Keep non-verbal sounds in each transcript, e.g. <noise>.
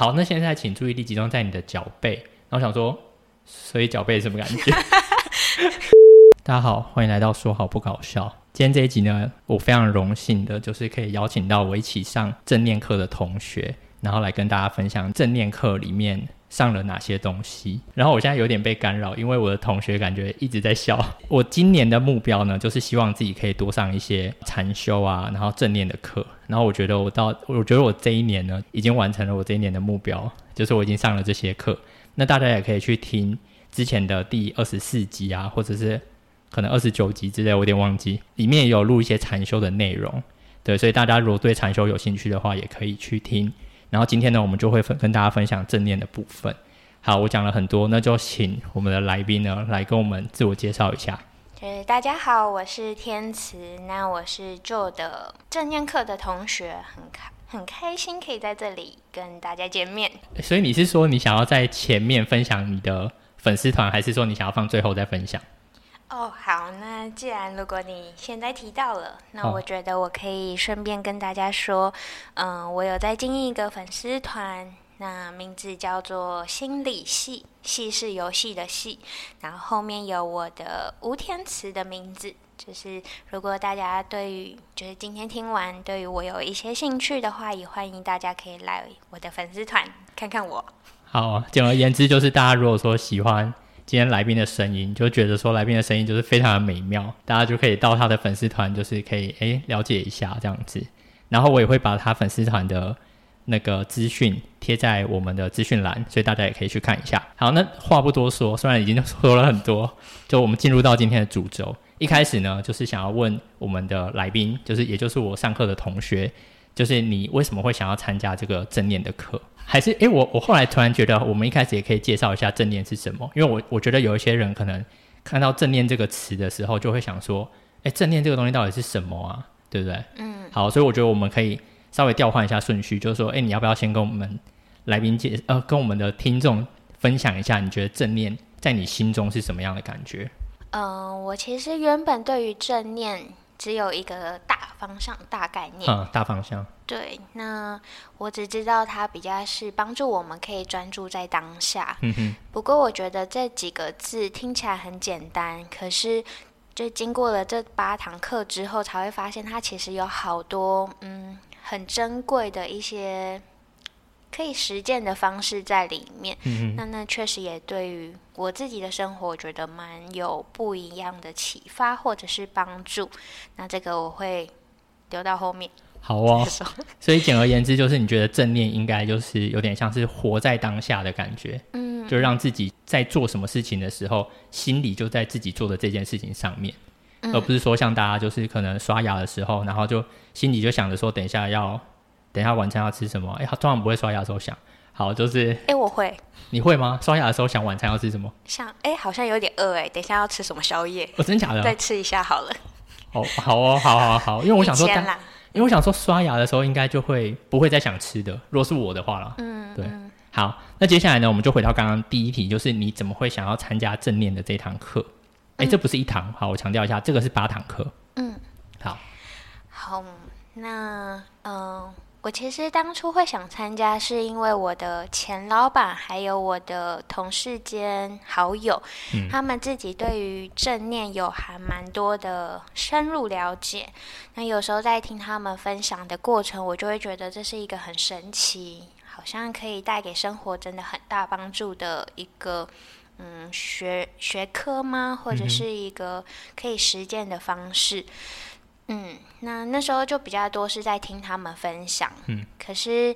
好，那現在請注意力集中在你的腳背，然後想說，所以腳背是什麼感覺？ <laughs> 大家好，歡迎來到《說好不搞笑》。今天這一集呢，我非常榮幸的，就是可以邀請到我一起上正念課的同學，然後來跟大家分享正念課裡面。上了哪些東西？然後我現在有點被干擾，因為我的同學感覺一直在笑。我今年的目標呢，就是希望自己可以多上一些禪修啊，然後正念的課。然後我覺得我到，我覺得我這一年呢，已經完成了我這一年的目標，就是我已經上了這些課。那大家也可以去聽之前的第二十四集啊，或者是可能二十九集之類，我有點忘記，裡面也有錄一些禪修的內容。對，所以大家如果對禪修有興趣的話，也可以去聽。然後今天呢，我們就會分跟大家分享正念的部分。好，我講了很多，那就請我們的來賓呢，來跟我們自我介紹一下。呃、就是，大家好，我是天慈，那我是做的正念課的同學，很開很開心可以在這裡跟大家見面。所以你是說你想要在前面分享你的粉絲團，還是說你想要放最後再分享？哦，oh, 好，那既然，如果你現在提到了，那我覺得我可以順便跟大家說，嗯、oh. 呃，我有在經營一個粉絲團，那名字叫做心理戲，戲是遊戲的戲，然後後面有我的吳天池的名字。就是如果大家對於就是今天聽完對於我有一些興趣的話，也歡迎大家可以來我的粉絲團看看我。好、啊，簡而言之就是大家如果說喜歡。 <laughs> 今天來賓的聲音，就覺得說來賓的聲音就是非常的美妙，大家就可以到他的粉絲團，就是可以哎、欸、了解一下這樣子。然後我也會把他粉絲團的那個資訊貼在我們的資訊欄，所以大家也可以去看一下。好，那話不多說，雖然已經說了很多，就我們進入到今天的主軸。一開始呢，就是想要問我們的來賓，就是也就是我上課的同學，就是你為什麼會想要參加這個正念的課？還是哎、欸，我我後來突然覺得，我們一開始也可以介紹一下正念是什麼，因為我我覺得有一些人可能看到“正念”這個詞的時候，就會想說：“哎、欸，正念這個東西到底是什麼啊？對不對？”嗯。好，所以我覺得我們可以稍微調換一下順序，就是說，哎、欸，你要不要先跟我們來賓介呃，跟我們的聽眾分享一下，你覺得正念在你心中是什麼樣的感覺？嗯、呃，我其實原本對於正念只有一個大方向、大概念啊、嗯，大方向。對，那我只知道它比較是幫助我們可以專注在當下。嗯哼。不過我覺得這幾個字聽起來很簡單，可是就經過了這八堂課之後，才會發現它其實有好多嗯很珍貴的一些可以實踐的方式在裡面。嗯哼。那那確實也對於我自己的生活，我覺得蠻有不一樣的啟發或者是幫助。那這個我會留到後面。好哦，所以簡而言之就是，你覺得正念應該就是有點像是活在當下的感覺，嗯，就讓自己在做什麼事情的時候，心裡就在自己做的這件事情上面，而不是說像大家就是可能刷牙的時候，然後就心裡就想着說，等一下要等一下晚餐要吃什麼？哎，他通常不會刷牙的時候想，好，就是哎，我會，嗯、你會嗎？刷牙的時候想晚餐要吃什麼？想，哎，好像有點餓哎、欸，等一下要吃什麼宵夜？哦，真的假的？再吃一下好了。哦，好哦，好，好好，因為我想說。因為我想說，刷牙的時候應該就會不會再想吃的。如果是我的話了，嗯，對，嗯、好，那接下來呢，我們就回到剛剛第一題，就是你怎麼會想要參加正念的這一堂課？誒、嗯欸、這不是一堂，好，我強調一下，這個是八堂課。嗯，好，好，那嗯。呃我其實當初會想參加，是因為我的前老闆還有我的同事兼好友，嗯、他們自己對於正念有還蠻多的深入了解。那有時候在聽他們分享的過程，我就會覺得這是一個很神奇、好像可以帶給生活真的很大幫助的一個嗯學學科嗎？或者是一個可以實踐的方式？嗯嗯，那那時候就比較多是在聽他們分享，嗯，可是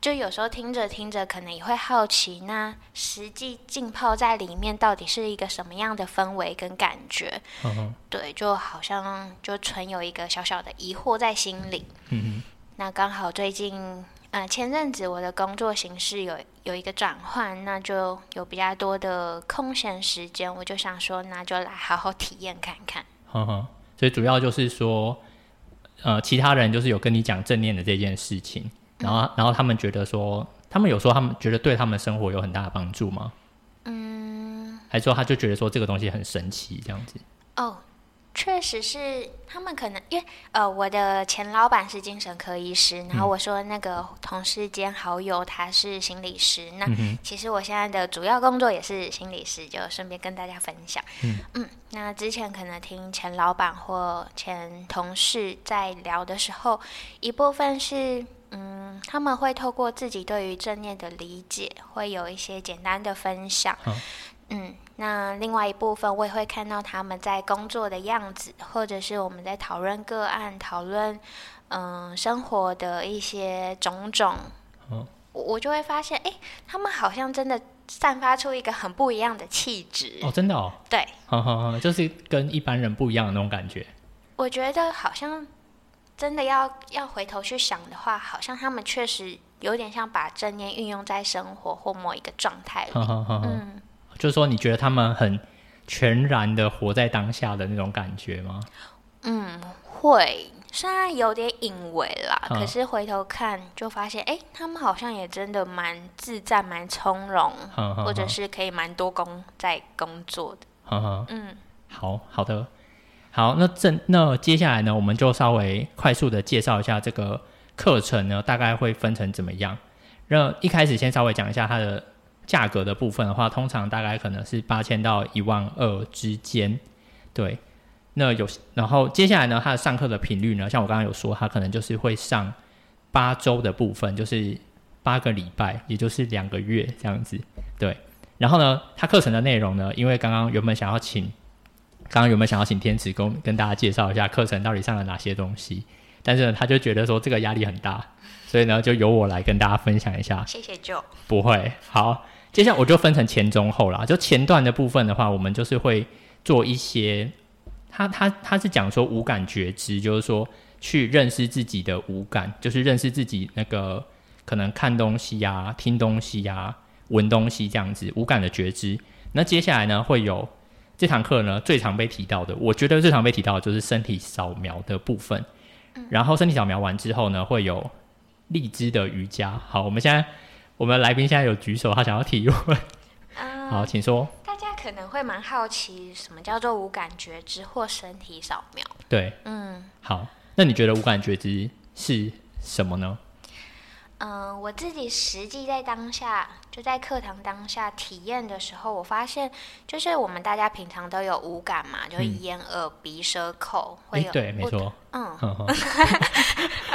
就有時候聽着聽着，可能也會好奇，那實際浸泡在裡面到底是一個什麼樣的氛圍跟感覺？嗯嗯，對，就好像就存有一個小小的疑惑在心裡。嗯，嗯，嗯，那剛好最近啊，呃，前陣子我的工作形式有有一個轉換，那就有比較多的空閒時間，我就想說，那就來好好體驗看看。嗯所以主要就是說，呃，其他人就是有跟你講正念的這件事情，嗯、然後，然後他們覺得說，他們有說他們覺得對他們生活有很大的幫助嗎？嗯，還說他就覺得說這個東西很神奇這樣子？哦。Oh. 確實是，他們可能因為呃，我的前老闆是精神科醫師，然後我說那個同事兼好友他是心理師，嗯、哼那其實我現在的主要工作也是心理師，就順便跟大家分享。嗯，嗯，那之前可能聽前老闆或前同事在聊的時候，一部分是嗯，他們會透過自己對於正念的理解，會有一些簡單的分享。嗯，那另外一部分我也會看到他們在工作的樣子，或者是我們在討論個案、討論嗯、呃、生活的一些種種，哦、我我就會發現，哎，他們好像真的散發出一個很不一樣的氣質哦，真的哦，對，好好好，就是跟一般人不一樣的那種感覺。我覺得好像真的要要回頭去想的話，好像他們確實有點像把正念運用在生活或某一個狀態裡，好好好嗯。就是說，你覺得他們很全然的活在當下的那種感覺嗎？嗯，會，雖然有點隱微啦，啊、可是回頭看就發現，哎、欸，他們好像也真的蠻自在、蠻從容，啊啊啊、或者是可以蠻多工在工作的。啊啊、嗯，好，好的，好，那這那接下來呢，我們就稍微快速的介紹一下這個課程呢，大概會分成怎麼樣？那一開始先稍微講一下它的。價格的部分的話，通常大概可能是八千到一萬二之間，對。那有，然後接下來呢，他的上課的頻率呢，像我剛剛有說，他可能就是會上八週的部分，就是八個禮拜，也就是兩個月這樣子，對。然後呢，他課程的內容呢，因為剛剛原本想要請，剛剛原本想要請天慈工跟，跟大家介紹一下課程到底上了哪些東西，但是呢，他就覺得說這個壓力很大，所以呢，就由我來跟大家分享一下。謝謝就。不會，好。接下來我就分成前中後啦。就前段的部分的話，我們就是會做一些，他他他是講說五感覺知，就是說去認識自己的五感，就是認識自己那個可能看東西呀、啊、聽東西呀、啊、聞東西這樣子五感的覺知。那接下來呢，會有這堂課呢最常被提到的，我覺得最常被提到的就是身體掃描的部分。然後身體掃描完之後呢，會有立姿的瑜伽。好，我們現在。我們來賓現在有舉手，他想要提問。呃、好，請說。大家可能會蠻好奇，什麼叫做五感覺知或身體掃描？對，嗯，好，那你覺得五感覺知是什麼呢？嗯、呃，我自己實際在當下，就在課堂當下體驗的時候，我發現，就是我們大家平常都有五感嘛，嗯、就是眼、耳、鼻、舌、口，會有、欸，對，沒錯，嗯。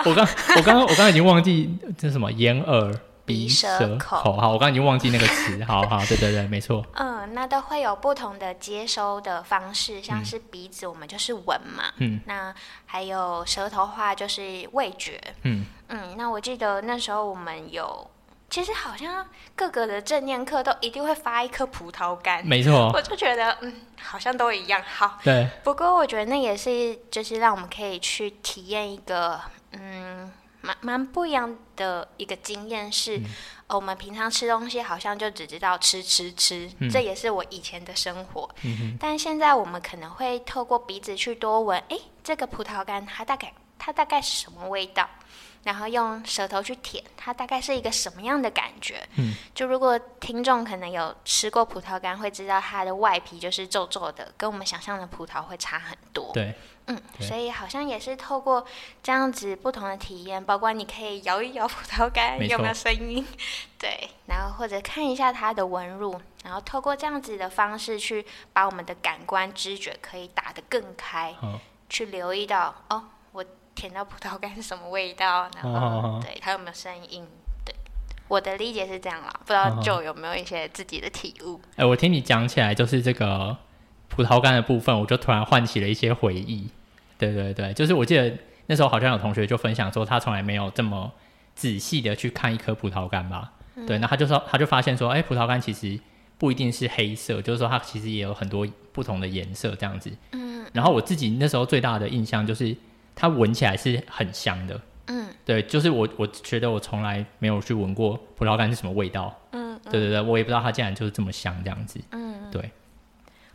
我剛，我剛剛，我剛剛已經忘記這是什麼眼耳。鼻、舌、口，口好，好，我剛已經忘記那個詞， <laughs> 好好，對對對，沒錯。嗯，那都會有不同的接收的方式，像是鼻子，我們就是聞嘛。嗯，那還有舌頭話就是味覺。嗯嗯，那我記得那時候我們有，其實好像各個的正念課都一定會發一顆葡萄乾，沒錯。我就覺得，嗯，好像都一樣。好，對。不過我覺得那也是，就是讓我們可以去體驗一個，嗯。蠻不一樣的一個經驗是、嗯哦，我們平常吃東西好像就只知道吃吃吃，嗯、這也是我以前的生活。嗯、哼、但現在我們可能會透過鼻子去多聞，哎、欸，這個葡萄乾它大概它大概是什麼味道？然後用舌頭去舔，它大概是一個什麼樣的感覺？嗯、就如果聽眾可能有吃過葡萄乾，會知道它的外皮就是皺皺的，跟我們想象的葡萄會差很多。對。嗯，對所以好像也是透過這樣子不同的體驗，包括你可以搖一搖葡萄乾，沒錯有沒有聲音？對，然後或者看一下它的紋路，然後透過這樣子的方式去把我們的感官知覺可以打得更開，哦、去留意到哦，我舔到葡萄乾是什麼味道，然後哦哦哦對，它有沒有聲音？對，我的理解是這樣啦，不知道 Joe 有沒有一些自己的體悟？哎、哦哦欸，我聽你講起來就是這個。葡萄乾的部分，我就突然喚起了一些回憶。對對對，就是我記得那時候好像有同學就分享說，他從來沒有這麼仔細的去看一顆葡萄乾吧？對，嗯、那他就說，他就發現說，哎、欸，葡萄乾其實不一定是黑色，就是說它其實也有很多不同的顏色這樣子。嗯。然後我自己那時候最大的印象就是，它聞起來是很香的。嗯。對，就是我我覺得我從來沒有去聞過葡萄乾是什麼味道。嗯，嗯。對對對，我也不知道它竟然就是這麼香這樣子。嗯，嗯。對。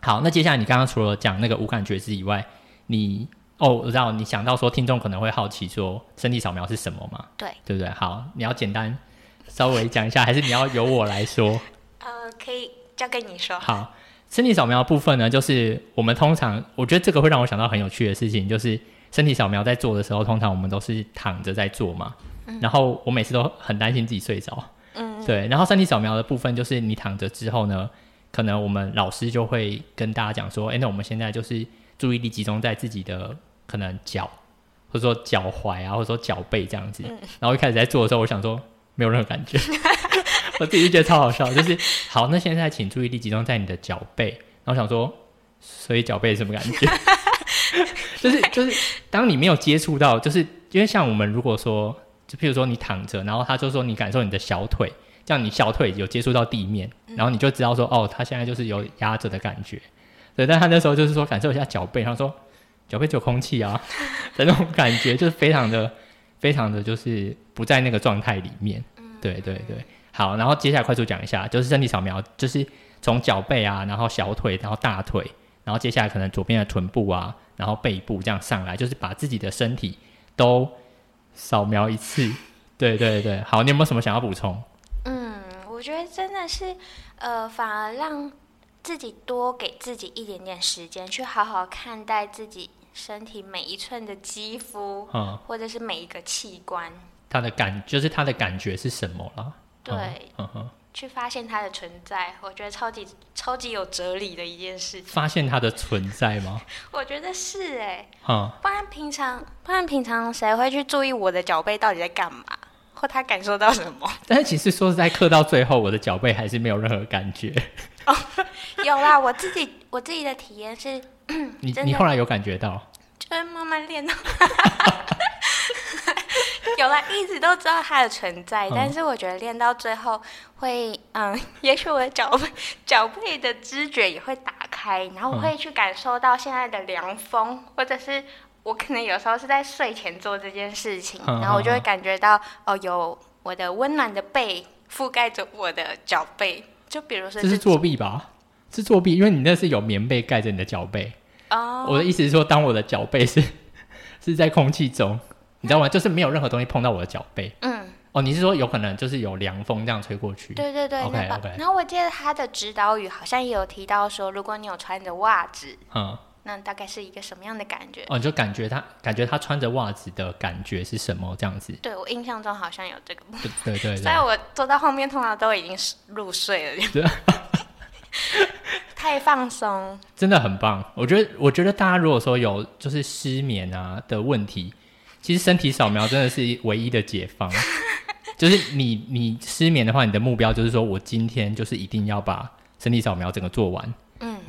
好，那接下來你剛剛除了講那個五感的覺知以外，你哦，我知道你想到說聽眾可能會好奇說身體掃描是什麼嘛？對，對不對？好，你要簡單稍微講一下， <laughs> 還是你要由我來說？呃，可以交給你說。好，身體掃描部分呢，就是我們通常，我覺得這個會讓我想到很有趣的事情，就是身體掃描在做的時候，通常我們都是躺着在做嘛，嗯，然後我每次都很擔心自己睡着，嗯，對。然後身體掃描的部分就是你躺着之後呢。可能我們老師就會跟大家講說：“哎、欸，那我們現在就是注意力集中在自己的可能腳，或者說腳踝啊，或者說腳背這樣子。嗯、然後一開始在做的時候，我想說沒有任何感覺， <laughs> 我自己就覺得超好笑。就是好，那現在請注意力集中在你的腳背。然後我想說，所以腳背什麼感覺？ <laughs> 就是就是，當你沒有接觸到，就是因為像我們如果說，就譬如說你躺着，然後他就說你感受你的小腿，這樣你小腿有接觸到地面。”然後你就知道說，哦，他現在就是有壓着的感覺，對。但他那時候就是說，感受一下腳背，他說腳背就有空氣啊，這 <laughs> 種感覺就是非常的、 <laughs> 非常的就是不在那個狀態裡面。對對對，好。然後接下來快速講一下，就是身體掃描，就是從腳背啊，然後小腿，然後大腿，然後接下來可能左邊的臀部啊，然後背部這樣上來，就是把自己的身體都掃描一次。對對對，好。你有沒有什麼想要補充？嗯，我覺得真的是。呃，反而讓自己多給自己一點點時間，去好好看待自己身體每一寸的肌膚，嗯，或者是每一個器官，他的感就是他的感覺是什麼啦？嗯、對，嗯哼，去發現它的存在，我覺得超級超級有哲理的一件事情。發現它的存在嗎？ <laughs> 我覺得是哎、欸嗯，不然平常不然平常誰會去注意我的腳背到底在幹嘛？或他感受到什麼？但是其實說實在，課到最後，我的腳背還是沒有任何感覺 <laughs> 、哦。有啦，我自己我自己的體驗是，嗯，你，你後來有感覺到？就會慢慢練到 <laughs> <laughs> <laughs> 有啦，一直都知道它的存在，嗯，但是我覺得練到最後會，嗯，也許我的腳背腳背的知覺也會打開，然後我會去感受到現在的涼風，嗯，或者是。我可能有時候是在睡前做這件事情，嗯、然後我就會感覺到、嗯、哦，有我的溫暖的被覆蓋着我的腳背。就比如說這，這是作弊吧？是作弊，因為你那是有棉被蓋着你的腳背。哦，我的意思是說，當我的腳背是是在空氣中，你知道嗎？嗯、就是沒有任何東西碰到我的腳背。嗯，哦，你是說有可能就是有涼風這樣吹過去？對對對，OK OK。然後我記得他的指導語好像也有提到說，如果你有穿你的襪子，嗯。那大概是一個什麼樣的感覺？哦，就感覺他感覺他穿着襪子的感覺是什麼這樣子？對我印象中好像有這個 <laughs> 對。對對對,對。所以我坐到後面通常都已經入睡了。對 <laughs> 太放鬆，真的很棒。我覺得，我覺得大家如果說有就是失眠啊的問題，其實身體掃描真的是唯一的解放。 <laughs> 就是你你失眠的話，你的目標就是說我今天就是一定要把身體掃描整個做完。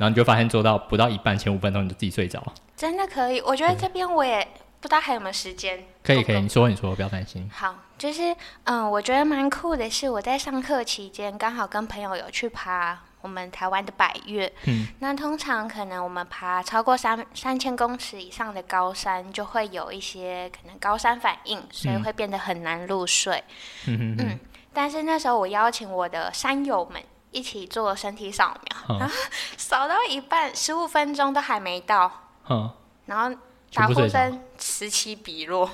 然後你就發現做到不到一半，前五分鐘你就自己睡着了。真的可以？我覺得這邊我也不知道還有沒有時間。對工工可以，可以，你說，你說，不要擔心。好，就是嗯，我覺得蠻酷的是，我在上課期間剛好跟朋友有去爬我們台灣的百岳嗯。那通常可能我們爬超過三三千公尺以上的高山，就會有一些可能高山反應，所以會變得很難入睡。嗯嗯,嗯。但是那時候我邀請我的山友們。一起做身體掃描，嗯、然後掃到一半，十五分鐘都還沒到，嗯、然後打呼聲此起彼落。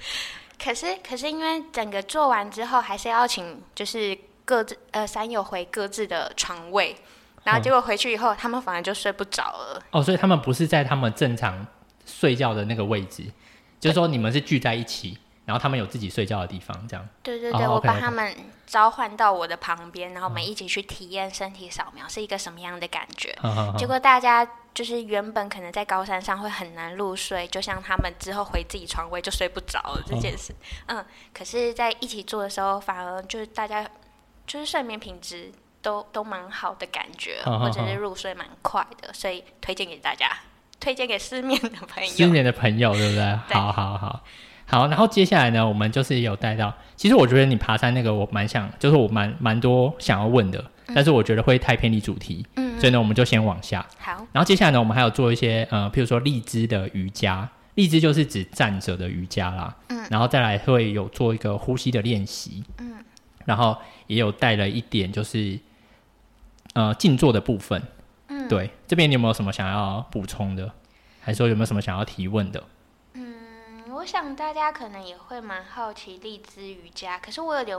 <laughs> 可是，可是因為整個做完之後，還是要請就是各自呃三友回各自的床位，然後結果回去以後，嗯、他們反而就睡不着了。哦，所以他們不是在他們正常睡覺的那個位置，對就是說你們是聚在一起？然後他們有自己睡覺的地方，這樣。對對對，oh, okay, okay. 我把他們召喚到我的旁邊，然後我們一起去體驗身體掃描，oh. 是一個什麼樣的感覺。Oh, oh, oh. 結果大家就是原本可能在高山上會很難入睡，就像他們之後回自己床位就睡不着了這件事。Oh. 嗯，可是在一起做的時候，反而就是大家就是睡眠品質都都蠻好的感覺，或者，oh, oh, oh. 是入睡蠻快的，所以推薦給大家，推薦給失眠的朋友，失眠的朋友對不對？ <laughs> 對。好好好。好，然後接下來呢，我們就是有帶到。其實我覺得你爬山那個，我蠻想，就是我蠻蠻多想要問的，但是我覺得會太偏離主題，嗯、嗯，所以呢，我們就先往下。好，然後接下來呢，我們還有做一些呃，譬如說立姿的瑜伽，立姿就是指站着的瑜伽啦，嗯，然後再來會有做一個呼吸的練習，嗯，然後也有帶了一點就是呃靜坐的部分，嗯，對，這邊你有沒有什麼想要補充的，還是說有沒有什麼想要提問的？我想大家可能也會蠻好奇立姿瑜伽，可是我有點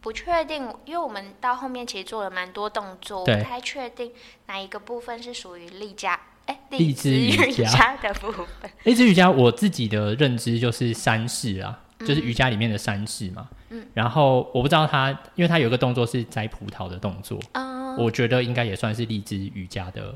不確定，因為我們到後面其實做了蠻多動作，對我不太確定哪一個部分是屬於立姿，欸、立姿瑜伽。哎，立姿瑜伽的部分。立姿瑜伽，我自己的認知就是山式啊，嗯，就是瑜伽裡面的山式嘛。嗯。然後我不知道他，因為他有個動作是摘葡萄的動作，哦、嗯，我覺得應該也算是立姿瑜伽的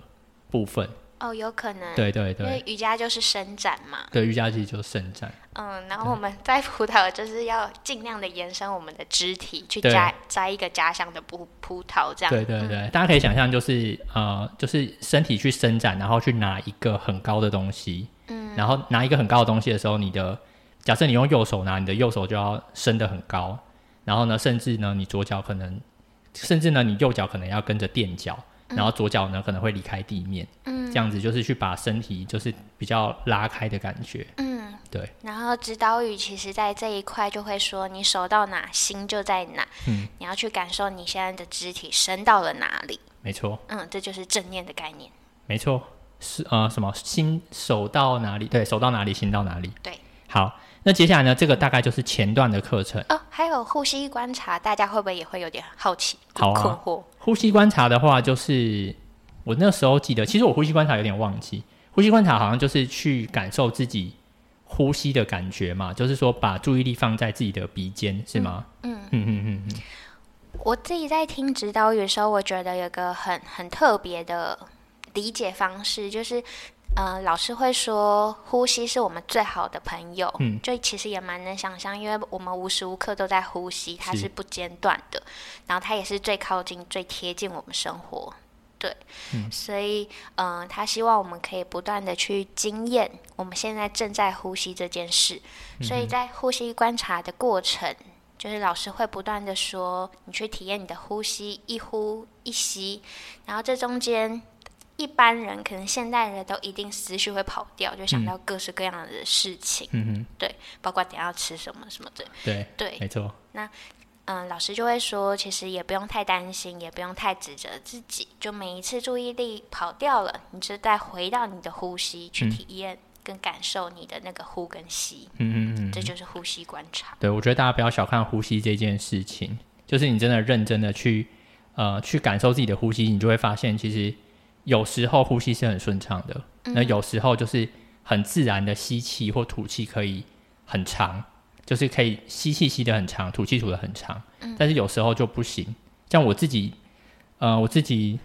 部分。哦，有可能，對對對，因為瑜伽就是伸展嘛。對，瑜伽其實就是伸展。嗯，嗯，然後我們摘葡萄就是要盡量的延伸我們的肢體、嗯、去摘、啊、摘一個假想的葡葡萄，這樣。對對對，嗯、大家可以想象就是呃，就是身體去伸展，然後去拿一個很高的東西。嗯。然後拿一個很高的東西的時候，你的假設你用右手拿，你的右手就要伸得很高。然後呢，甚至呢，你左腳可能，甚至呢，你右腳可能要跟着墊腳。然後左腳呢，嗯，可能會離開地面，嗯，這樣子就是去把身體就是比較拉開的感覺，嗯，對。然後指導語其實在這一塊就會說，你手到哪，心就在哪，嗯，你要去感受你現在的肢體伸到了哪裡，沒錯，嗯，這就是正念的概念，沒錯，是呃什麼心手到哪裡，對，手到哪裡，心到哪裡，對。好，那接下來呢，這個大概就是前段的課程。哦。還有呼吸觀察，大家會不會也會有點好奇、好困、啊、惑？呼吸觀察的話，就是我那時候記得，其實我呼吸觀察有點忘記。呼吸觀察好像就是去感受自己呼吸的感覺嘛，就是說把注意力放在自己的鼻尖，是嗎？嗯嗯嗯嗯嗯。嗯 <laughs> 我自己在聽指導語的時候，我覺得有個很很特別的理解方式，就是。嗯、呃，老師會說，呼吸是我們最好的朋友。嗯，就其實也蠻能想象，因為我們無時無刻都在呼吸，它是不間斷的，是然後它也是最靠近、最貼近我們生活，對。嗯、所以，嗯、呃，他希望我們可以不斷的去經驗我們現在正在呼吸這件事。所以在呼吸觀察的過程，嗯、就是老師會不斷的說，你去體驗你的呼吸，一呼一吸，然後這中間。一般人可能現代人都一定思緒會跑掉，就想到各式各樣的事情。嗯哼，對，包括等下吃什麼什麼的。對，對，沒錯。那，嗯，呃，老師就會說，其實也不用太擔心，也不用太指責自己。就每一次注意力跑掉了，你就再回到你的呼吸，去體驗跟感受你的那個呼跟吸。嗯哼嗯哼。這就是呼吸觀察。對，我覺得大家不要小看呼吸這件事情，就是你真的認真的去，呃，去感受自己的呼吸，你就會發現其實。有時候呼吸是很順暢的，嗯、那有時候就是很自然的吸氣或吐氣可以很長，就是可以吸氣吸得很長，吐氣吐得很長。但是有時候就不行。嗯、像我自己，呃，我自己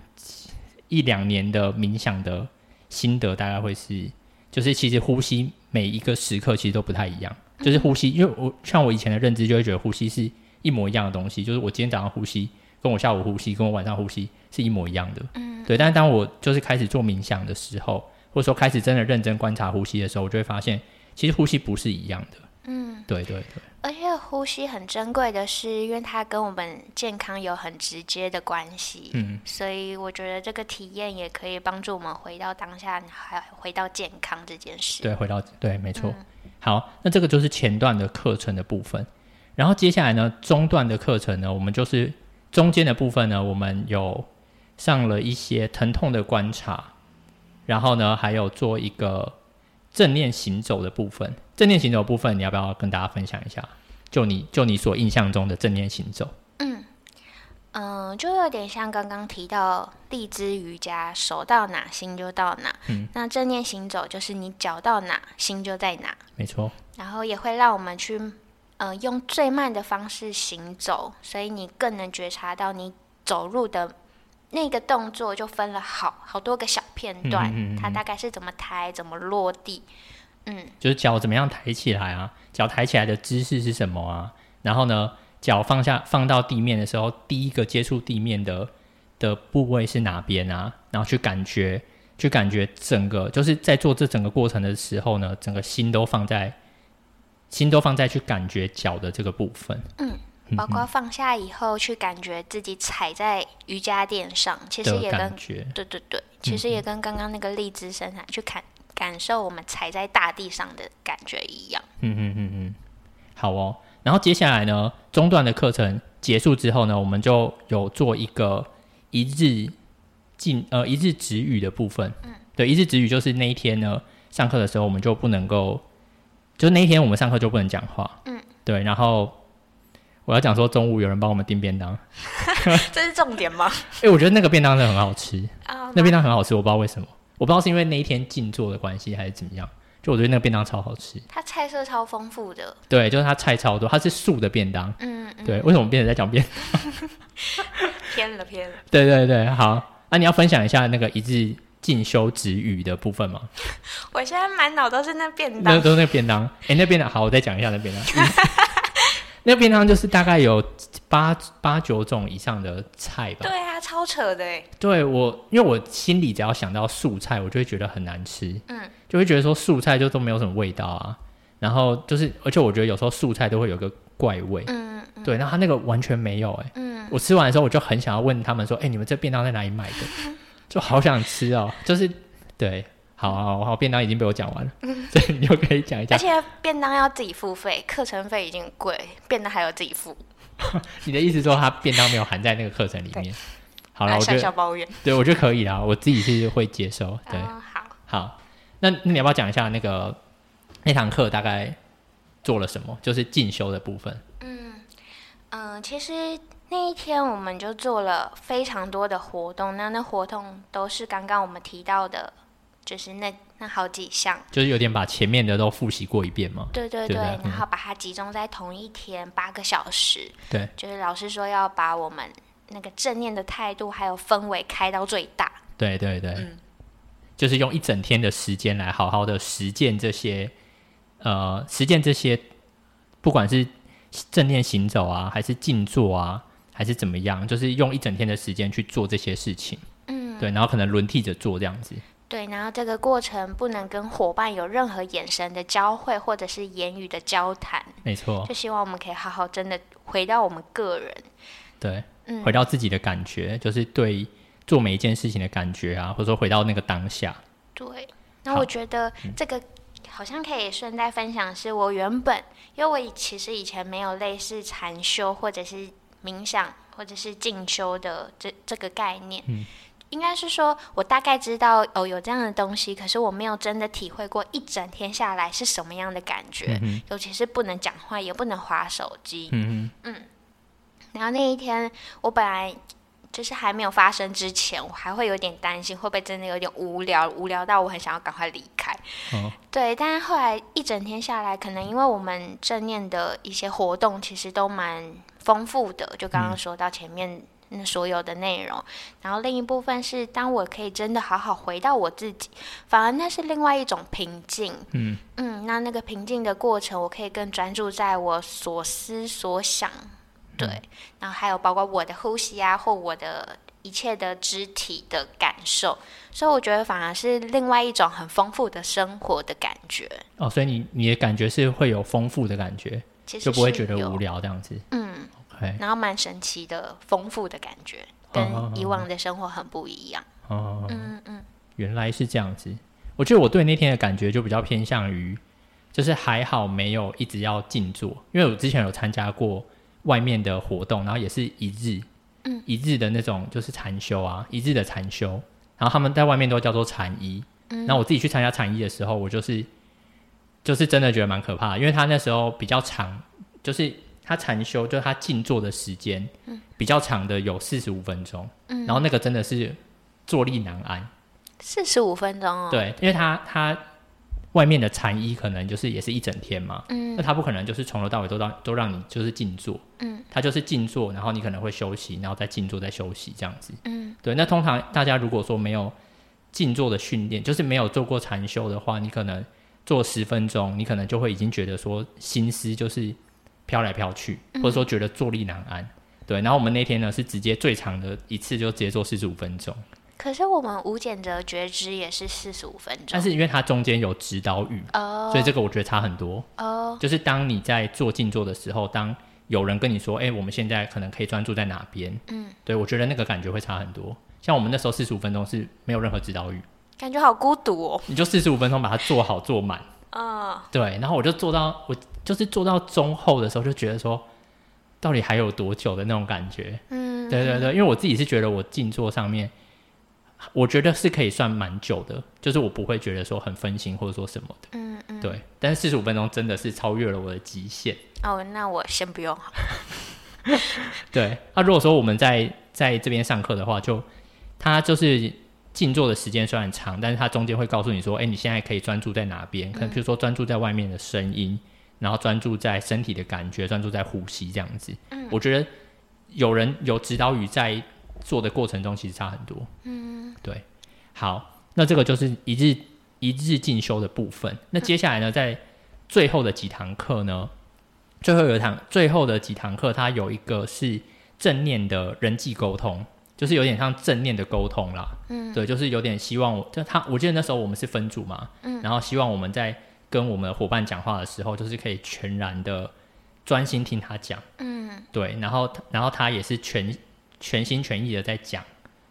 一兩年的冥想的心得，大概會是，就是其實呼吸每一個時刻其實都不太一樣。嗯、就是呼吸，因為我像我以前的認知，就會覺得呼吸是一模一樣的東西。就是我今天早上呼吸。跟我下午呼吸，跟我晚上呼吸是一模一樣的，嗯，對。但是當我就是開始做冥想的時候，或者說開始真的認真觀察呼吸的時候，我就會發現，其實呼吸不是一樣的，嗯，對對對。而且呼吸很珍貴的是，因為它跟我們健康有很直接的關係，嗯，所以我覺得這個體驗也可以幫助我們回到當下，還回到健康這件事。對，回到對，沒錯。嗯，好，那這個就是前段的課程的部分，然後接下來呢，中段的課程呢，我們就是。中間的部分呢，我們有上了一些疼痛的觀察，然後呢，還有做一個正念行走的部分。正念行走的部分，你要不要跟大家分享一下？就你就你所印象中的正念行走？嗯嗯、呃，就有點像剛剛提到立姿瑜珈，手到哪心就到哪。嗯，那正念行走就是你腳到哪心就在哪，沒錯。然後也會讓我們去。嗯、呃，用最慢的方式行走，所以你更能覺察到你走路的那個動作，就分了好好多個小片段。它，嗯嗯、大概是怎麼抬，怎麼落地？嗯，就是腳怎麼樣抬起來啊？腳抬起來的姿勢是什麼啊？然後呢，腳放下放到地面的時候，第一個接觸地面的的部位是哪邊啊？然後去感覺，去感覺整個就是在做這整個過程的時候呢，整個心都放在。心都放在去感覺腳的這個部分，嗯，包括放下以後去感覺自己踩在瑜伽墊上，嗯、其實也跟對對對，其實也跟剛剛那個立姿生產、嗯、去看感，感受我們踩在大地上的感覺一樣。嗯嗯嗯嗯，好哦。然後接下來呢，中段的課程結束之後呢，我們就有做一個一日靜呃一日止語的部分。嗯，對，一日止語就是那一天呢上課的時候我們就不能夠。就那一天，我們上課就不能講話。嗯，對，然後我要講說，中午有人幫我們訂便當， <laughs> 這是重點嗎？哎、欸，我覺得那個便當是很好吃啊，哦、那便當很好吃，我不知道為什麼，我不知道是因為那一天靜坐的關係還是怎麼樣，就我覺得那個便當超好吃，它菜色超豐富的，對，就是它菜超多，它是素的便當。嗯嗯對，為什麼我們變成在講便當？偏 <laughs> 了偏了。偏了對對對，好，那、啊、你要分享一下那個一日。進修止語的部分嗎？我現在滿腦都是那便當那，都是那便當。哎、欸，那便當好，我再講一下那便當。嗯、 <laughs> 那便當就是大概有八八九種以上的菜吧？對啊，超扯的。對我，因為我心裡只要想到素菜，我就會覺得很難吃。嗯，就會覺得說素菜就都沒有什麼味道啊。然後就是，而且我覺得有時候素菜都會有個怪味。嗯，嗯，對，然後它那個完全沒有哎。嗯。我吃完的時候，我就很想要問他們說：“哎、欸，你們這便當在哪裡買的？”嗯就好想吃哦、喔，就是對，好好好便當已經被我講完了，嗯、所以你就可以講一講。而且便當要自己付費，課程費已經貴，便當還要自己付。你的意思說，他便當沒有含在那個課程裡面？對好了啦，我小小抱怨，我對我就可以啦，我自己是會接受。對，嗯、好好那，那你要不要講一下那個那堂課大概做了什麼？就是進修的部分。嗯嗯、呃，其實。那一天我們就做了非常多的活動，那那活動都是剛剛我們提到的，就是那那好幾項，就是有點把前面的都複習過一遍嘛？對對對，對對然後把它集中在同一天八個小時，嗯、對，就是老師說要把我們那個正念的態度還有氛圍開到最大，對對對，嗯，就是用一整天的時間來好好的實踐這些，呃，實踐這些不管是正念行走啊，還是靜坐啊。還是怎麼樣？就是用一整天的時間去做這些事情，嗯，對，然後可能輪替着做這樣子，對，然後這個過程不能跟夥伴有任何眼神的交匯，或者是言語的交談，沒錯，就希望我們可以好好真的回到我們個人，對，嗯，回到自己的感覺，就是對做每一件事情的感覺啊，或者說回到那個當下，對。那我覺得這個好像可以順帶分享，是我原本、嗯、因為我其實以前沒有類似禪修或者是。冥想或者是進修的這這個概念，嗯、應該是說，我大概知道哦有這樣的東西，可是我沒有真的體會過一整天下來是什麼樣的感覺，嗯、哼尤其是不能講話也不能滑手機。嗯，哼嗯然後那一天我本來就是還沒有發生之前，我還會有點擔心會不會真的有點無聊，無聊到我很想要趕快離開。哦、對，但是後來一整天下來，可能因為我們正念的一些活動其實都蠻。豐富的，就剛剛說到前面那所有的內容，嗯、然後另一部分是，當我可以真的好好回到我自己，反而那是另外一種平靜。嗯嗯，那那個平靜的過程，我可以更專注在我所思所想。嗯、對，然後還有包括我的呼吸啊，或我的一切的肢體的感受，所以我覺得反而是另外一種很豐富的生活的感覺。哦，所以你你的感覺是會有豐富的感覺？就不會覺得無聊這樣子，嗯，OK，然後蠻神奇的，豐富的感覺，跟以往的生活很不一樣。哦、嗯，嗯嗯，嗯，原來是這樣子。我覺得我對那天的感覺就比較偏向於，就是還好沒有一直要靜坐，因為我之前有參加過外面的活動，然後也是一日，嗯、一日的那種就是禪修啊，一日的禪修，然後他們在外面都叫做禪一，嗯，然後我自己去參加禪一的時候，我就是。就是真的覺得蠻可怕的，因為他那時候比較長，就是他禪修，就是他靜坐的時間、嗯、比較長的有四十五分鐘，嗯、然後那個真的是坐立難安。四十五分鐘哦。對，因為他他外面的禪衣可能就是也是一整天嘛，嗯、那他不可能就是從頭到尾都讓都讓你就是靜坐，嗯，他就是靜坐，然後你可能會休息，然後再靜坐再休息這樣子，嗯，對。那通常大家如果說沒有靜坐的訓練，就是沒有做過禪修的話，你可能。坐十分鐘，你可能就會已經覺得說心思就是飄來飄去，或者說覺得坐立難安，嗯、對。然後我們那天呢是直接最長的一次就直接坐四十五分鐘。可是我們無揀擇的覺知也是四十五分鐘，但是因為它中間有指導語，哦、所以這個我覺得差很多。哦，就是當你在做靜坐的時候，當有人跟你說“哎、欸，我們現在可能可以專注在哪邊”，嗯，對，我覺得那個感覺會差很多。像我們那時候四十五分鐘是沒有任何指導語。感覺好孤獨哦！你就四十五分鐘把它做好做滿啊！呃、對，然後我就做到，我就是做到中後的時候，就覺得說，到底還有多久的那種感覺？嗯，對對對，因為我自己是覺得我靜坐上面，我覺得是可以算蠻久的，就是我不會覺得說很分心或者說什麼的。嗯嗯，對，但是四十五分鐘真的是超越了我的極限。哦，那我先不用好。 <laughs> 對，那、啊、如果說我們在在這邊上課的話，就他就是。靜坐的時間雖然長，但是他中間會告訴你說，誒、欸，你現在可以專注在哪邊？可能比如說專注在外面的聲音，嗯、然後專注在身體的感覺，專注在呼吸這樣子。嗯，我覺得有人有指導語在做的過程中其實差很多。嗯，對。好，那這個就是一日一日進修的部分。那接下來呢，在最後的幾堂課呢，嗯、最後有一堂最後的幾堂課，它有一個是正念的人際溝通。就是有點像正念的溝通啦，嗯，對，就是有點希望我，就他，我記得那時候我們是分組嘛，嗯，然後希望我們在跟我們的夥伴講話的時候，就是可以全然的專心聽他講，嗯，對，然後然後他也是全全心全意的在講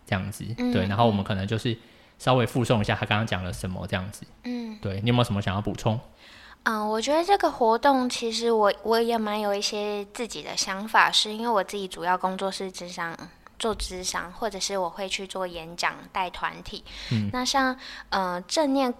這樣子，嗯、對，然後我們可能就是稍微附送一下他剛剛講了什麼這樣子，嗯，對，你有沒有什麼想要補充？嗯，嗯、呃，我覺得這個活動其實我我也蠻有一些自己的想法，是因為我自己主要工作是諮商。做諮商，或者是我會去做演講帶團體。嗯、那像呃正念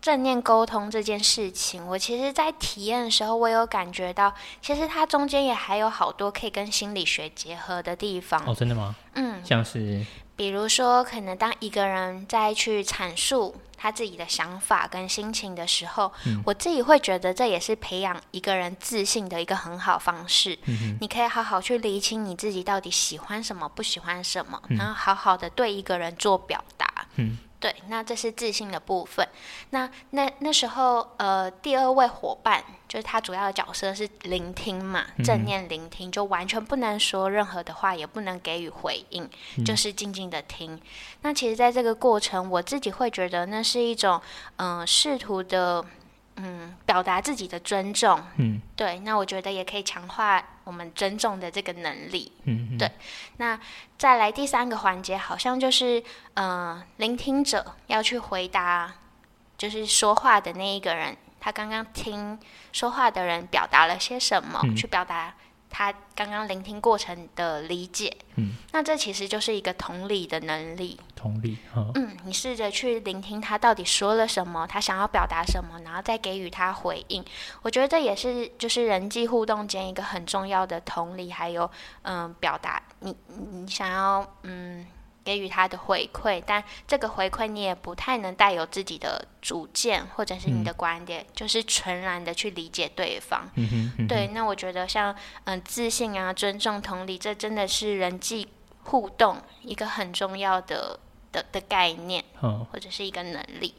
正念溝通這件事情，我其實，在體驗的時候，我有感覺到，其實它中間也還有好多可以跟心理學結合的地方。哦，真的嗎？嗯，像是。比如說，可能當一個人在去闡述他自己的想法跟心情的時候，嗯、我自己會覺得這也是培養一個人自信的一個很好方式。嗯、哼你可以好好去釐清你自己到底喜歡什麼、不喜歡什麼，嗯、然後好好的對一個人做表達。嗯對，那這是自信的部分。那那那時候，呃，第二位夥伴就是他主要的角色是聆聽嘛，正念聆聽，就完全不能說任何的話，也不能給予回應，就是靜靜的聽。嗯、那其實，在這個過程，我自己會覺得那是一種，嗯、呃，試圖的。嗯，表達自己的尊重。嗯，對，那我覺得也可以強化我們尊重的這個能力。嗯，嗯，對。那再來第三個環節，好像就是呃，聆聽者要去回答，就是說話的那一個人，他剛剛聽說話的人表達了些什麼，嗯、去表達。他剛剛聆聽過程的理解，嗯，那這其實就是一個同理的能力。同理，哦，嗯，你試着去聆聽他到底說了什麼，他想要表達什麼，然後再給予他回應。我覺得這也是就是人際互動間一個很重要的同理，還有嗯，呃，表達你，你你想要嗯。給予他的回饋，但這個回饋你也不太能帶有自己的主見或者是你的觀點，嗯、就是純然的去理解對方。嗯嗯、對，那我覺得像嗯、呃、自信啊、尊重、同理，這真的是人際互動一個很重要的的的概念，哦、或者是一個能力。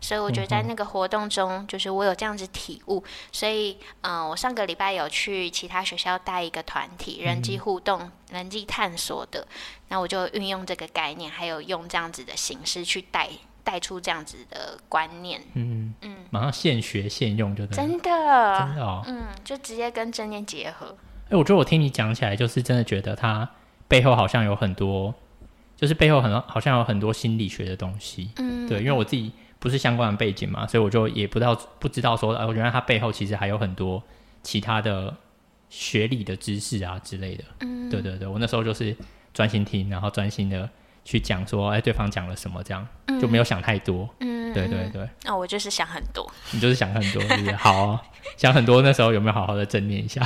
所以我覺得在那個活動中，嗯嗯、就是我有這樣子體悟。所以，嗯、呃，我上個禮拜有去其他學校帶一個團體，人際互動、嗯、人際探索的。那我就運用這個概念，還有用這樣子的形式去帶帶出這樣子的觀念。嗯嗯，嗯馬上現學現用就，就真的真的，真的哦、嗯，就直接跟正念結合。哎、欸，我覺得我聽你講起來，就是真的覺得它背後好像有很多，就是背後很好像有很多心理學的東西。嗯，對，嗯、因為我自己。不是相關的背景嘛，所以我就也不知道，不知道說，啊、呃，原來他背後其實還有很多其他的學理的知識啊之類的。嗯，對對對，我那時候就是專心聽，然後專心的去講說，哎、欸，對方講了什麼，這樣、嗯、就沒有想太多。嗯，對對對。那、哦、我就是想很多，你就是想很多，是不是？好、啊， <laughs> 想很多。那時候有沒有好好的正念一下？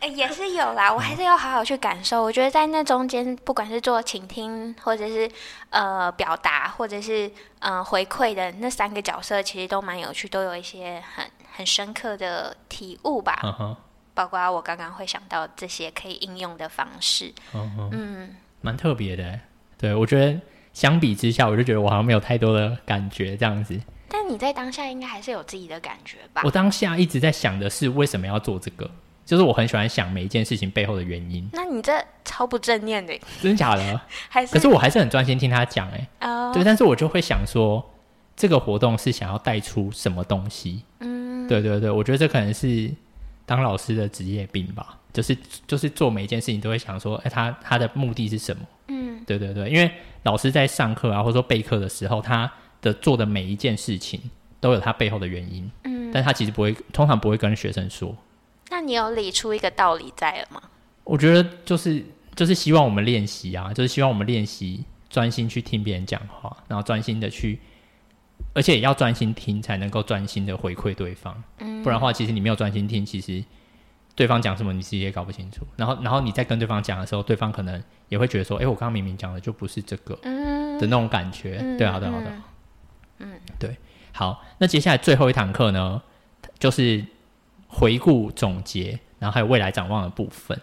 哎，也是有啦，我還是要好好去感受。哦、我覺得在那中間，不管是做傾聽，或者是呃表達，或者是呃回饋的那三個角色，其實都蠻有趣，都有一些很很深刻的體悟吧。嗯哼、哦哦，包括我剛剛會想到這些可以應用的方式。嗯哼、哦哦，嗯，蠻特別的。對，我覺得相比之下，我就覺得我好像沒有太多的感覺這樣子。但你在當下應該還是有自己的感覺吧？我當下一直在想的是，為什麼要做這個？就是我很喜歡想每一件事情背後的原因。那你這超不正念的。欸，真假的？ <laughs> 還是可是我還是很專心聽他講誒、欸。Oh. 對，但是我就會想說，這個活動是想要帶出什麼東西？嗯，對對對，我覺得這可能是當老師的職業病吧，就是就是做每一件事情都會想說，哎，欸，他他的目的是什麼？嗯，對對對，因為老師在上課啊，或者說備課的時候，他的做的每一件事情都有他背後的原因，嗯，但他其實不會，通常不會跟學生說。那你有理出一個道理在了嗎？我覺得就是就是希望我們練習啊，就是希望我們練習專心去聽別人講話，然後專心的去，而且也要專心聽才能夠專心的回饋對方。嗯，不然的話，其實你沒有專心聽，其實對方講什麼你自己也搞不清楚。然後，然後你在跟對方講的時候，對方可能也會覺得說：“哎、欸，我剛剛明明講的就不是這個。”嗯，的那種感覺。嗯，對，好的，好的。嗯，對，好。那接下來最後一堂課呢，就是。回顧總結，然後還有未來展望的部分。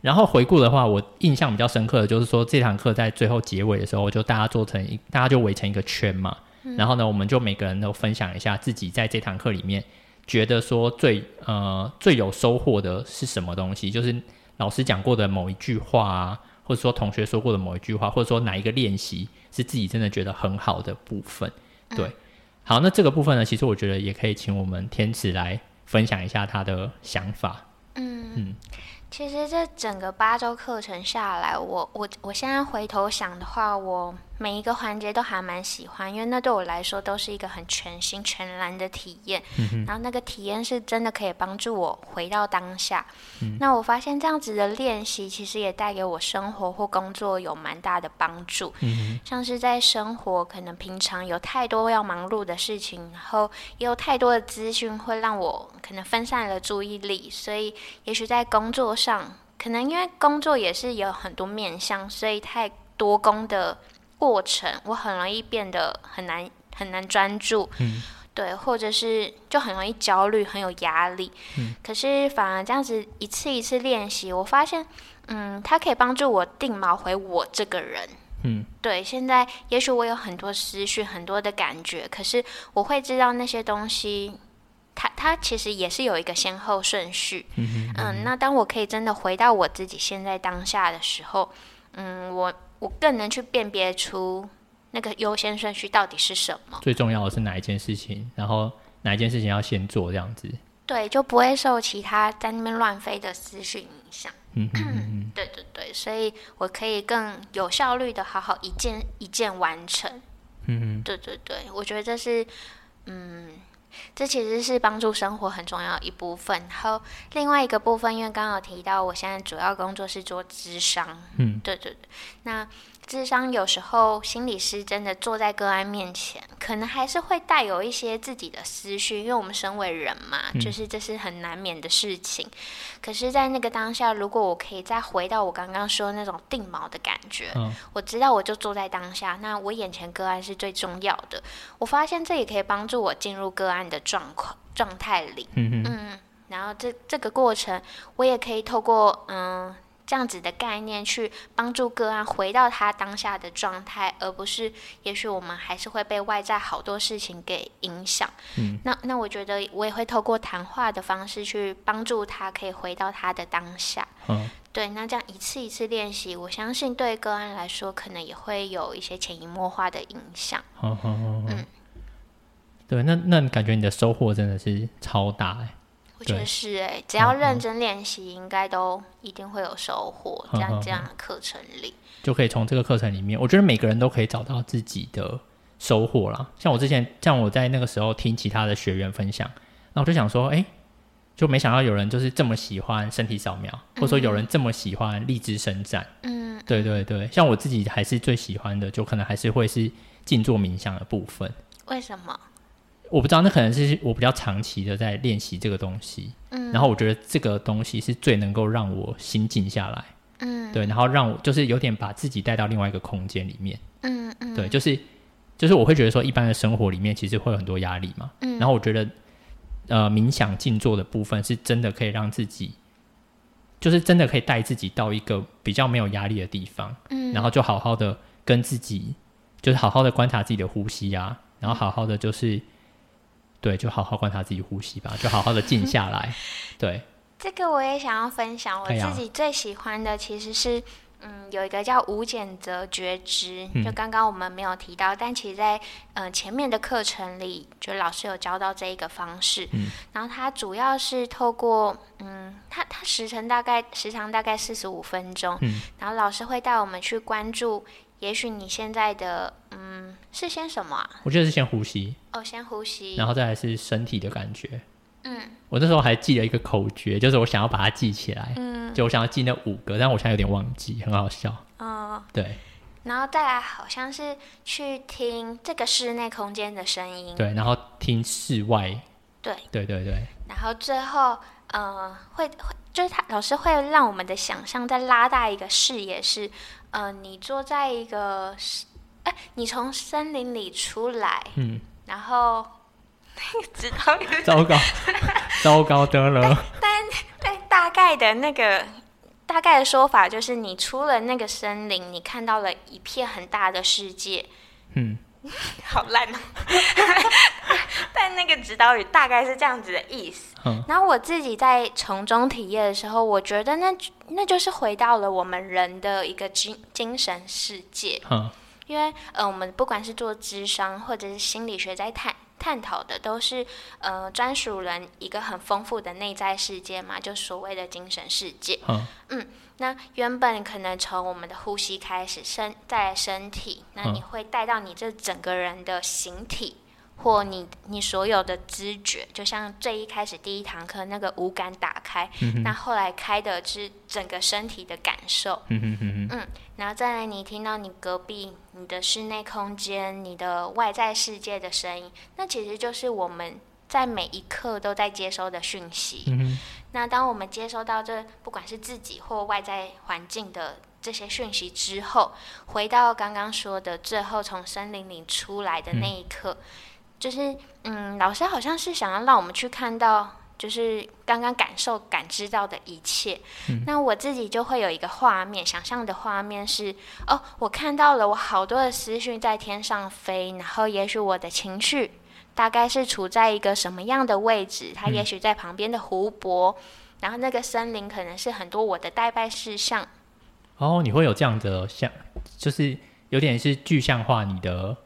然後回顧的話，我印象比較深刻的，就是說這堂課在最後結尾的時候，就大家做成一，大家就圍成一個圈嘛。嗯、然後呢，我們就每個人都分享一下自己在這堂課裡面覺得說最呃最有收穫的是什麼東西，就是老師講過的某一句話啊，或者說同學說過的某一句話，或者說哪一個練習是自己真的覺得很好的部分。對，嗯、好，那這個部分呢，其實我覺得也可以請我們天池來。分享一下他的想法。嗯，嗯，其實這整個八週課程下來，我我我現在回頭想的話，我。每一個環節都還蠻喜歡，因為那對我來說都是一個很全新、全然的體驗。嗯、哼然後那個體驗是真的可以幫助我回到當下。嗯、那我發現這樣子的練習其實也帶給我生活或工作有蠻大的幫助。嗯、哼像是在生活，可能平常有太多要忙碌的事情，然後也有太多的資訊會讓我可能分散了注意力，所以也許在工作上，可能因為工作也是有很多面向，所以太多工的。過程我很容易變得很難很難專注，嗯，對，或者是就很容易焦慮，很有壓力，嗯。可是反而這樣子一次一次練習，我發現，嗯，它可以幫助我定錨回我這個人，嗯，對。現在也許我有很多思緒，很多的感覺，可是我會知道那些東西，它它其實也是有一個先後順序，嗯哼嗯哼，嗯，那當我可以真的回到我自己現在當下的時候，嗯，我。我更能去辨別出那個優先順序到底是什麼。最重要的是哪一件事情，然後哪一件事情要先做，這樣子。對，就不會受其他在那邊亂飛的資訊影響。嗯哼嗯哼， <coughs> 對對對，所以我可以更有效率的好好一件一件完成。嗯嗯哼，對對對，我覺得這是嗯。這其實是幫助生活很重要的一部分，然後另外一個部分，因為剛剛有提到我現在主要工作是做諮商，嗯，對，對對，那。智商，有時候，心理師真的坐在個案面前，可能還是會帶有一些自己的思緒，因為我們身為人嘛，就是這是很難免的事情。嗯、可是，在那個當下，如果我可以再回到我剛剛說的那種定錨的感覺，哦、我知道我就坐在當下，那我眼前個案是最重要的。我發現這也可以幫助我進入個案的狀況狀態裡。嗯哼嗯，然後這這個過程，我也可以透過嗯。這樣子的概念去幫助個案回到他當下的狀態，而不是，也許我們還是會被外在好多事情給影響。嗯，那那我覺得我也會透過談話的方式去幫助他，可以回到他的當下。嗯，對，那這樣一次一次練習，我相信對個案來說，可能也會有一些潛移默化的影響。好好好好，嗯，對，那那你感覺你的收穫真的是超大，哎、欸。就是哎，對對只要認真練習，應該都一定會有收穫、嗯。樣、嗯嗯嗯嗯、這樣的課程裡，就可以從這個課程裡面，我覺得每個人都可以找到自己的收穫啦。像我之前，像我在那個時候聽其他的學員分享，那我就想說，哎、欸，就沒想到有人就是這麼喜歡身體掃描，嗯、或者說有人這麼喜歡立姿伸展。嗯，對對對，像我自己還是最喜歡的，就可能還是會是靜坐冥想的部分。為什麼？我不知道，那可能是我比較長期的在練習這個東西，嗯，然後我覺得這個東西是最能夠讓我心靜下來，嗯，對，然後讓我就是有點把自己帶到另外一個空間裡面，嗯嗯，嗯對，就是就是我會覺得說，一般的生活裡面其實會有很多壓力嘛，嗯，然後我覺得呃，冥想靜坐的部分是真的可以讓自己，就是真的可以帶自己到一個比較沒有壓力的地方，嗯，然後就好好的跟自己，就是好好的觀察自己的呼吸啊，然後好好的就是。嗯對，就好好觀察自己呼吸吧，就好好的靜下來。對，這個我也想要分享。我自己最喜歡的其實是，哎、呀嗯，有一個叫無揀擇覺知，就剛剛我們沒有提到，嗯、但其實在嗯、呃、前面的課程裡，就老師有教到這一個方式。嗯、然後它主要是透過，嗯，它它時程大概時長大概四十五分鐘，嗯、然後老師會帶我們去關注。也許你現在的嗯是先什麼啊？我覺得是先呼吸哦，先呼吸，然後再來是身體的感覺。嗯，我那時候還記了一個口訣，就是我想要把它記起來。嗯，就我想要記那五個，但我現在有點忘記，很好笑。嗯，對，然後再來好像是去聽這個室內空間的聲音。對，然後聽室外。嗯、對對對對，然後最後嗯、呃，會會。就是他老師會讓我們的想象再拉大一個視野，是，呃，你坐在一個，欸、你從森林裡出來，嗯，然後那個紙糟糕， <laughs> 糟糕得了。但，但大概的那個大概的說法就是，你出了那個森林，你看到了一片很大的世界，嗯。 <laughs> 好爛哦！但那個指導語大概是這樣子的意思。嗯，然後我自己在從中體驗的時候，我覺得那那就是回到了我們人的一個精精神世界。嗯，因為呃，我們不管是做諮商，或者是心理學在探探討的，都是呃專屬人一個很豐富的內在世界嘛，就所謂的精神世界。嗯。嗯那原本可能從我們的呼吸開始，身在身體，那你會帶到你這整個人的形體，啊、或你你所有的知覺，就像最一開始第一堂課那個五感打開，嗯、哼那後來開的是整個身體的感受。嗯，哼嗯，然後再來你聽到你隔壁、你的室內空間、你的外在世界的聲音，那其實就是我們在每一刻都在接收的訊息。嗯那當我們接收到這，不管是自己或外在環境的這些訊息之後，回到剛剛說的最後從森林裡出來的那一刻，嗯、就是，嗯，老師好像是想要讓我們去看到，就是剛剛感受感知到的一切。嗯、那我自己就會有一個畫面，想象的畫面是，哦，我看到了我好多的思緒在天上飛，然後也許我的情緒。大概是處在一個什麼樣的位置？它也許在旁邊的湖泊，嗯、然後那個森林可能是很多我的待辦事項。哦，你會有這樣的像，就是有點是具象化你的，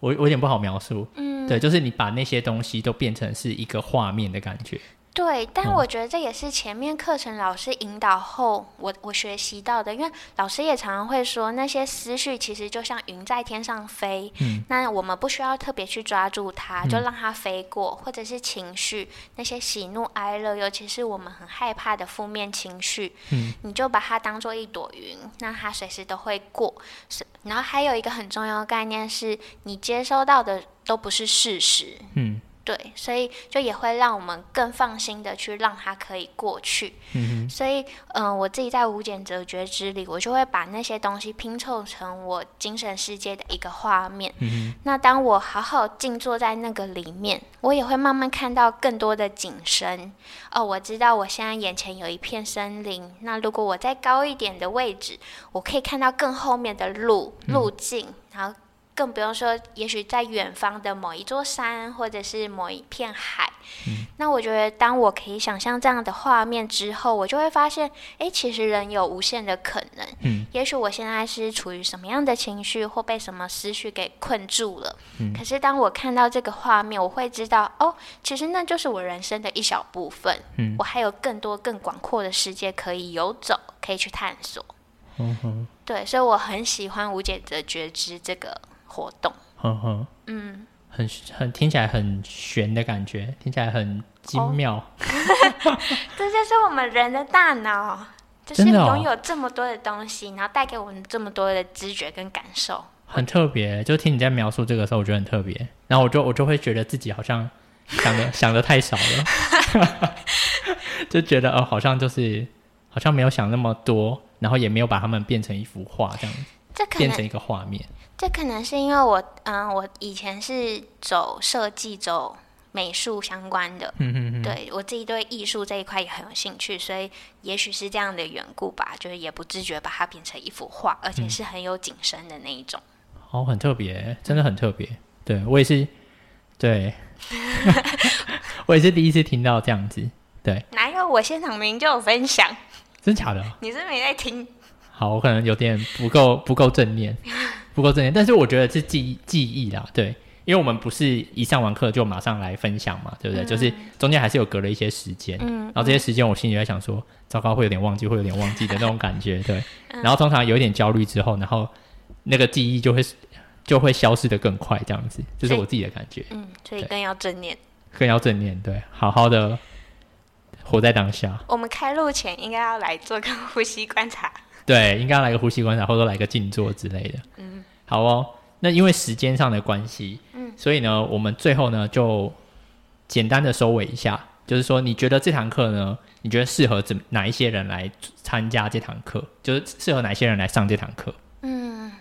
我我有點不好描述。嗯，對，就是你把那些東西都變成是一個畫面的感覺。對，但我覺得這也是前面課程老師引導後我，我我學習到的。因為老師也常常會說，那些思緒其實就像雲在天上飛，嗯、那我們不需要特別去抓住它，就讓它飛過。嗯、或者是情緒，那些喜怒哀樂，尤其是我們很害怕的負面情緒，嗯、你就把它當做一朵雲，那它隨時都會過。是，然後還有一個很重要的概念是，你接收到的都不是事實。嗯。對，所以就也會讓我們更放心的去讓它可以過去。嗯、哼所以，嗯、呃，我自己在無揀擇覺知裡，我就會把那些東西拼湊成我精神世界的一個畫面。嗯、哼那當我好,好好靜坐在那個裡面，我也會慢慢看到更多的景深。哦，我知道我現在眼前有一片森林。那如果我再高一點的位置，我可以看到更後面的路路徑，嗯、然後。更不用說，也許在遠方的某一座山，或者是某一片海。嗯。那我覺得，當我可以想象這樣的畫面之後，我就會發現，哎、欸，其實人有無限的可能。嗯。也許我現在是處於什麼樣的情緒，或被什麼思緒給困住了。嗯。可是當我看到這個畫面，我會知道，哦，其實那就是我人生的一小部分。嗯。我還有更多更廣闊的世界可以遊走，可以去探索。嗯哼呵。對，所以我很喜歡無解的覺知這個活動，嗯呵嗯，嗯，很很聽起來很玄的感覺，聽起來很精妙。哦、 <laughs> <laughs> 這就是我們人的大腦，哦、就是擁有這麼多的東西，然後帶給我們這麼多的知覺跟感受，很特別。就聽你在描述這個時候，我覺得很特別。然後我就我就會覺得自己好像想的 <laughs> 想的太少了， <laughs> 就覺得哦、呃，好像就是好像沒有想那麼多，然後也沒有把它們變成一幅畫這樣子。這可能變成一個畫面。這可能是因為我，嗯，我以前是走設計、走美術相關的，嗯嗯嗯，對我自己對藝術這一塊也很有興趣，所以也許是這樣的緣故吧，就是也不自覺把它變成一幅畫，而且是很有景深的那一種。嗯、哦，很特別，真的很特別。對我也是，對， <laughs> <laughs> 我也是第一次聽到這樣子。對，哪有我現場明明就有分享？真假的， <laughs> 你是沒在聽。好，我可能有點不夠不夠正念，不夠正念。但是我覺得是記憶記憶啦，對，因為我們不是一上完課就馬上來分享嘛，對不對？嗯、就是中間還是有隔了一些時間，嗯，然後這些時間我心裡在想說，嗯、糟糕，會有點忘記，會有點忘記的那種感覺，對。嗯、然後通常有一點焦慮之後，然後那個記憶就會就會消失的更快，這樣子，這是我自己的感覺，嗯，所以更要正念，更要正念，對，好好的活在當下。我們開錄前應該要來做個呼吸觀察。對，應該要來個呼吸觀察，或者來個靜坐之類的。嗯，好哦。那因為時間上的關係，嗯，所以呢，我們最後呢就簡單的收尾一下，就是說，你覺得這堂課呢，你覺得適合怎哪一些人來參加這堂課？就是適合哪些人來上這堂課？嗯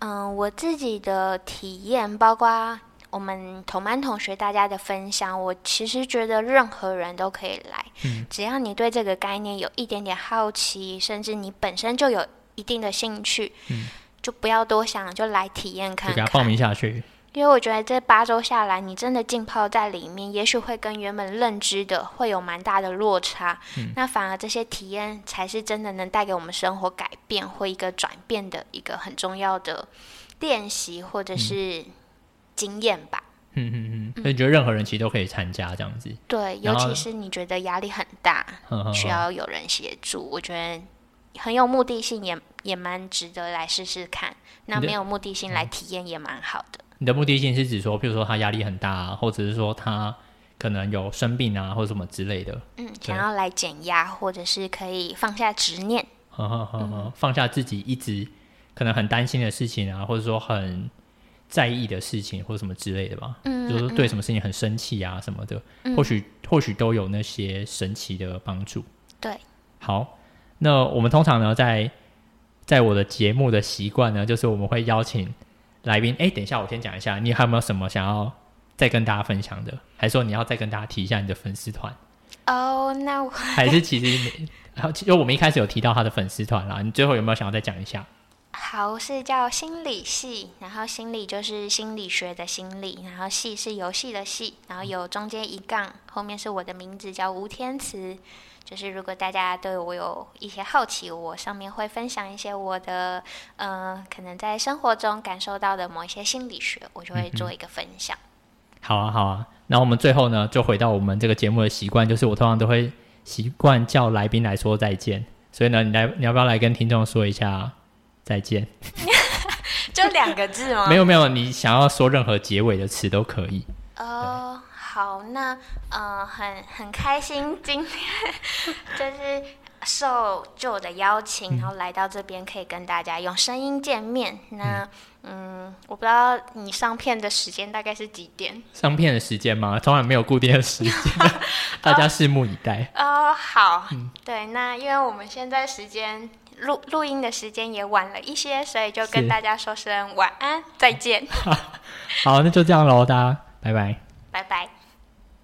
嗯、呃，我自己的體驗包括，我們同班同學大家的分享，我其實覺得任何人都可以來，嗯，只要你對這個概念有一點點好奇，甚至你本身就有一定的興趣，嗯，就不要多想，就來體驗看看，就來報名下去。因為我覺得這八週下來，你真的浸泡在裡面，也許會跟原本認知的會有蠻大的落差，嗯，那反而這些體驗才是真的能帶給我們生活改變或一個轉變的一個很重要的練習，或者是。嗯經驗吧，嗯嗯嗯，所以你覺得任何人其實都可以參加這樣子，對，尤其是你覺得壓力很大，後需要有人協助，呵呵呵，我覺得很有目的性也，也也蠻值得來試試看。的那沒有目的性來體驗也蠻好的。嗯。你的目的性是指說，譬如說他壓力很大啊，或者是說他可能有生病啊，或什麼之類的，嗯，對想要來減壓，或者是可以放下執念，呵呵呵呵嗯，放下自己一直可能很擔心的事情啊，或者說很。在意的事情或什麼之類的吧，嗯、就是對什麼事情很生氣啊什麼的，嗯、或許或許都有那些神奇的幫助。對，好，那我們通常呢，在在我的節目的習慣呢，就是我們會邀請來賓。哎、欸，等一下，我先講一下，你還有沒有什麼想要再跟大家分享的？還是說你要再跟大家提一下你的粉絲團？哦，那還是其實，因為我們一開始有提到他的粉絲團啦，你最後有沒有想要再講一下？好，是叫心理系，然後心理就是心理學的心理，然後系是遊戲的系，然後有中間一槓，後面是我的名字叫吳天慈。就是如果大家對我有一些好奇，我上面會分享一些我的，嗯、呃，可能在生活中感受到的某一些心理學，我就會做一個分享、嗯。好啊，好啊，那我們最後呢，就回到我們這個節目的習慣，就是我通常都會習慣叫來賓來說再見，所以呢，你來，你要不要來跟聽眾說一下？再見， <laughs> 就兩個字嗎？沒有沒有，你想要說任何結尾的詞都可以。哦。好，那呃，很很開心，今天就是受 Jo 的邀請，嗯、然後來到這邊，可以跟大家用聲音見面。嗯那嗯，我不知道你上片的時間大概是幾點？上片的時間嗎？從來沒有固定的時間，間 <laughs> 大家拭目以待。哦，哦，好，嗯、對，那因為我們現在時間。錄錄音的時間也晚了一些，所以就跟大家說聲晚安，是再見。 <laughs> <laughs> 好，那就這樣嘍，大家拜拜，拜拜。拜拜。